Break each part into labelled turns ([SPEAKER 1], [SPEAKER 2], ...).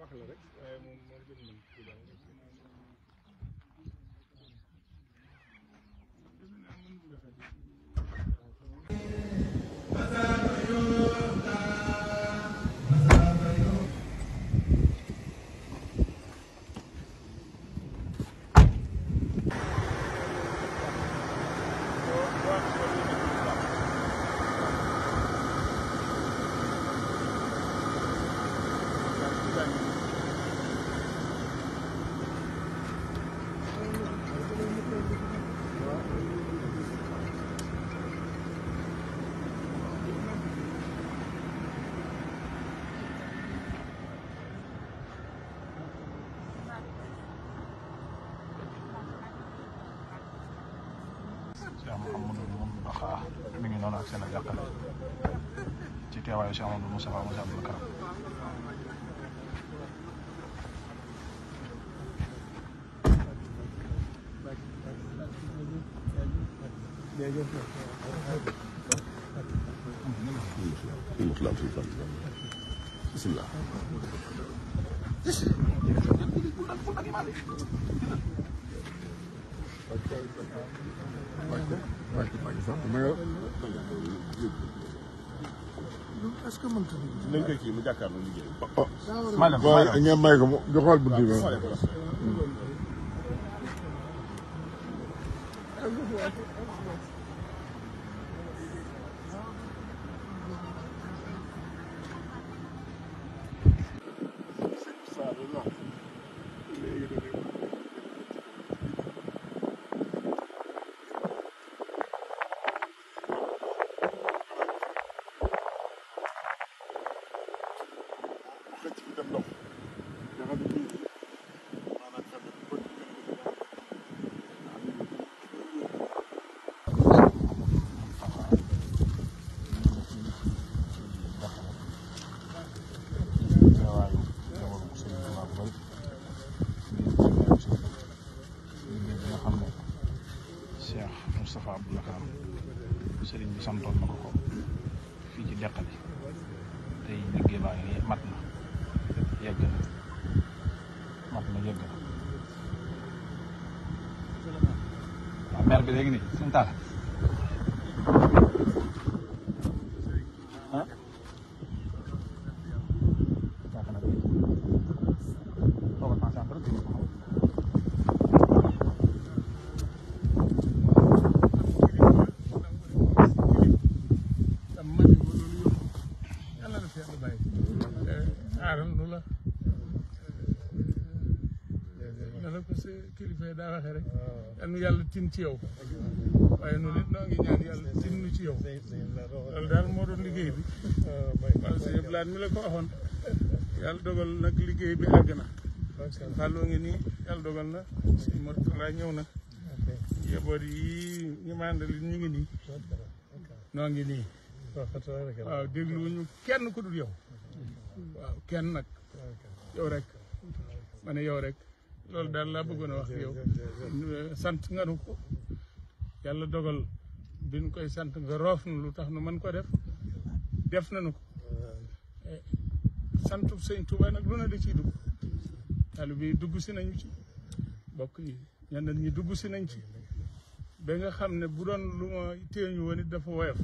[SPEAKER 1] wax la rek waaye moom moo jëm nañ ci daal
[SPEAKER 2] Cheikh Mouhamadou Mountakha mi ngi noonu ak seen ak jàqale ci teewaayu Cheikh Amadou Moustapha Moussa Abdoul Karam bismillah Başka? Başka Pakistan. Dama nga.
[SPEAKER 1] est ce que mën nañ ko
[SPEAKER 2] kii mu jàkkaarloo liggéey. maanaam waaye ngeen may ko mu di xool bu diw. waaw
[SPEAKER 1] santoon na ko ko fii ci deqali tey liggéey baa ngi mat na yegg na mat na yegg na waaw maire bi léegi nii suñu taal waxee rek ah, yal yàlla tin ci yow waaye noonu it noo ñaan yàlla tin nu ci yow loolu daal moo doon liggéey bi waaw ah, sëñ mi la ko waxoon yàlla dogal nag liggéey bi àgg na sëñ Fallou ngi nii yàlla dogal na sëñ Murtala ñëw na njaboot yi ñu man ñu ngi nii noo ngi nii waaw dégluwuñu kenn ku dul yow waaw nag yow rek ma ne yow rek loolu daal laa bëggoon a wax yow sant nga nu ko yàlla dogal bi koy sant nga roof nu lu tax nu man ko def def nañu ko sant sëñ Touba nag lu na di ciy dugg taalibe yi dugg si nañ ci bokk yi ñeneen ñi dugg si nañ ci ba nga xam ne bu doon lu ma téeñu woon it dafa woyof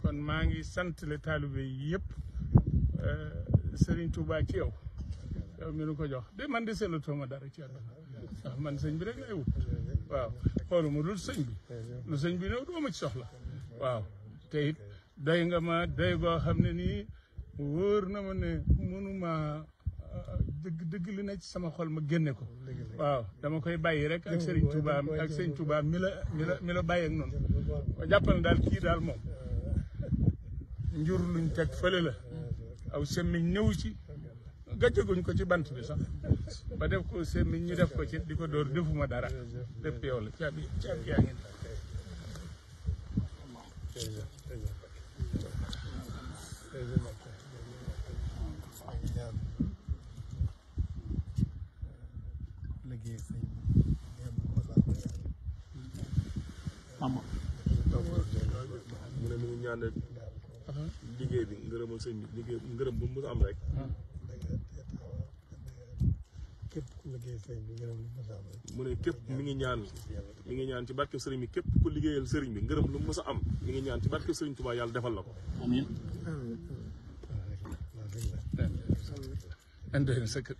[SPEAKER 1] kon maa ngi sant le taalibe yi yëpp eh, Serigne Touba ci yow ñu ko jox de man di seetlatuma dara ci àdduna man sëñ bi rek lay wut waaw xooluma dul sëñ bi lu sëñ bi néew doo ma ci soxla waaw te it doy nga ma doy goo xam ne nii wóor na ma ne mënuma ah, dëgg dëgg li ne sama xol ma génne ko waaw dama koy bàyyi rek ak Serigne Touba ak Serigne Touba mi la mi la noonu ma jàppal daal kii daal moom njur luñ teg fële la aw semmiñ ñëw ci gàcceguñ ko ci bant bi sax ba def ko semmiñ ñu def ko ci di ko dóor defuma dara lépp yow la caabi caabi yaa ngi mu ne
[SPEAKER 2] mu a ñaan liggéey bi ngërëmal sëñ bi liggéey ngërëm bu mu am rek képp ku liggéeyal sëriñ bi ngërëm lu mës a am mu mi ngi ñaan mi ngi ñaan ci barke sëriñ bi képp ku liggéeyal sëriñ bi ngërëm lu mës a am mi ngi ñaan ci barke sëriñ Tuubaa yàlla defal la ko.
[SPEAKER 1] amiin. ande sa kër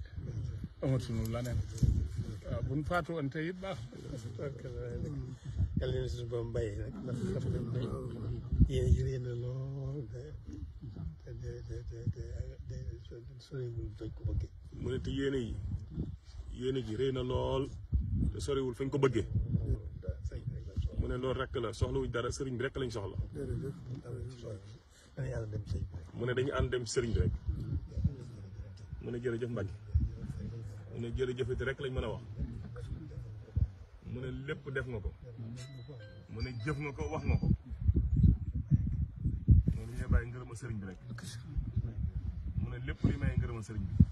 [SPEAKER 1] bu ñu faatu woon tey it baax yàlla
[SPEAKER 2] mu ne te yéene yi yéene ji rëy na lool te soriwul fañ ko bëggee mu ne loolu rek la soxlawuñ dara sëriñ bi rek lañ soxla mu ne dañu ànd dem sëriñ bi rek mu ne jërëjëf Mbacke mu ne jërëjëfati rek lañ mën a wax ne lépp def nga ko mu ne jëf nga ko wax nga ko mu ne ñee bàyyi ngërëma sëriñ bi rek mu ne lépp li may ngërëma sëriñ bi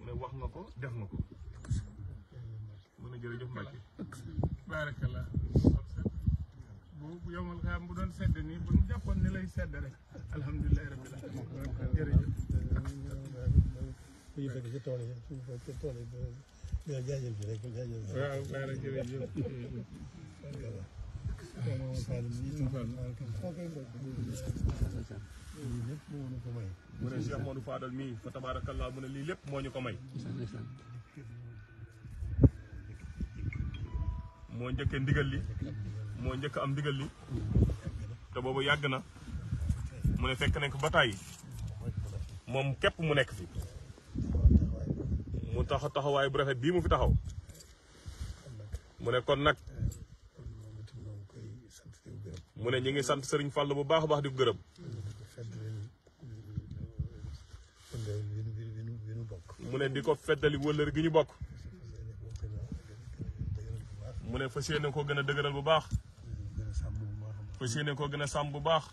[SPEAKER 1] mu ne wax nga ko def nga ko mu ne jërëjëf Mbacke barakallah bu yomal xaam bu doon sedd nii bu ñu jàppoon ni lay sedd rek alhamdulilahi rabbil alamin jërëjëf waaw ci tool yi ci tool yi jaajëf rek jaajëf waaw mu ne Cheikh
[SPEAKER 2] Modou Fadal mii fa tabaarakallaa mu ne lii lépp moo ñu ko may moo njëkkee ndigal li moo njëkk am ndigal li te boobu yàgg na mu ne fekk nañ ko ba tàyyi moom képp mu nekk fi mu tax taxawaay bu rafet bii mu fi taxaw mu ne kon nag mu ne ñu ngi sant Serigne Fall bu baax a baax di gërëm. mu ne di ko feddali wëllër gi ñu bokk. mu ne fas yéene koo gën a dëgëral bu baax. fas yéene koo gën a sàmm bu baax.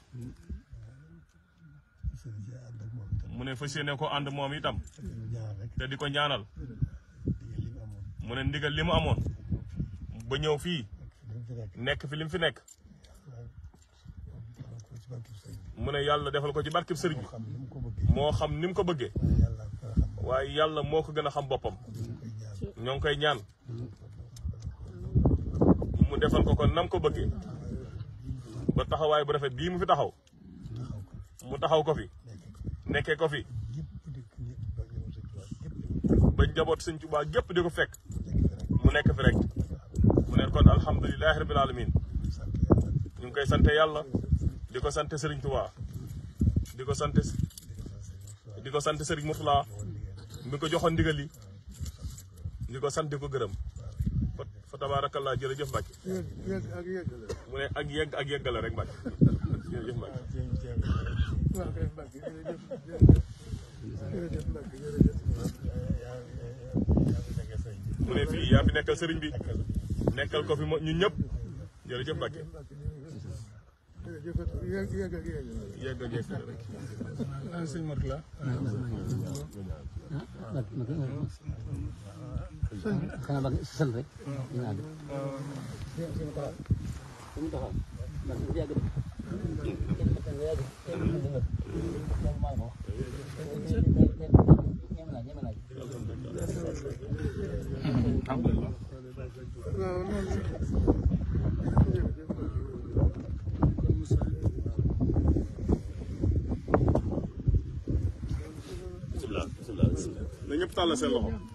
[SPEAKER 2] mu ne fas yéene koo ànd moom itam. te di ko ñaanal. mu ne ndigal li mu amoon. ba ñëw fii. nekk fi li fi nekk. mu ne yàlla defal ko ci barkeb sëriñ bi moo xam ni mu ko bëggee waaye yàlla moo ko gën a xam boppam ñoo ngi koy ñaan mu defal ko kon nam ko bëggee ba taxawaay bu rafet bii mu fi taxaw mu taxaw ko fi nekkee ko fi ba njaboot sëñ baa gépp di ko fekk mu nekk fi rek mu ne kon alhamdulilahi rabbil alamin ñu ngi koy sante yàlla di ko sant sëriñ Touba di ko sant di ko sant Serigne Mourtala mi ko joxoon ndigal yi di ko sant di ko gërëm fa tabaarakallaa jërëjëf Mbacke mu ne ak yegg ak yeggale rek Mbacke jërëjëf Mbacke mu ne fii yaa fi nekkal sëriñ bi nekkal ko fi ñun ñëpp jërëjëf Mbacke
[SPEAKER 1] yegg yegg ak yegg. yegg ak yegg rek. ah sëñ Mourtala. xanaa ba sant rek. ñu àgg. ndax
[SPEAKER 2] tàll seen loxo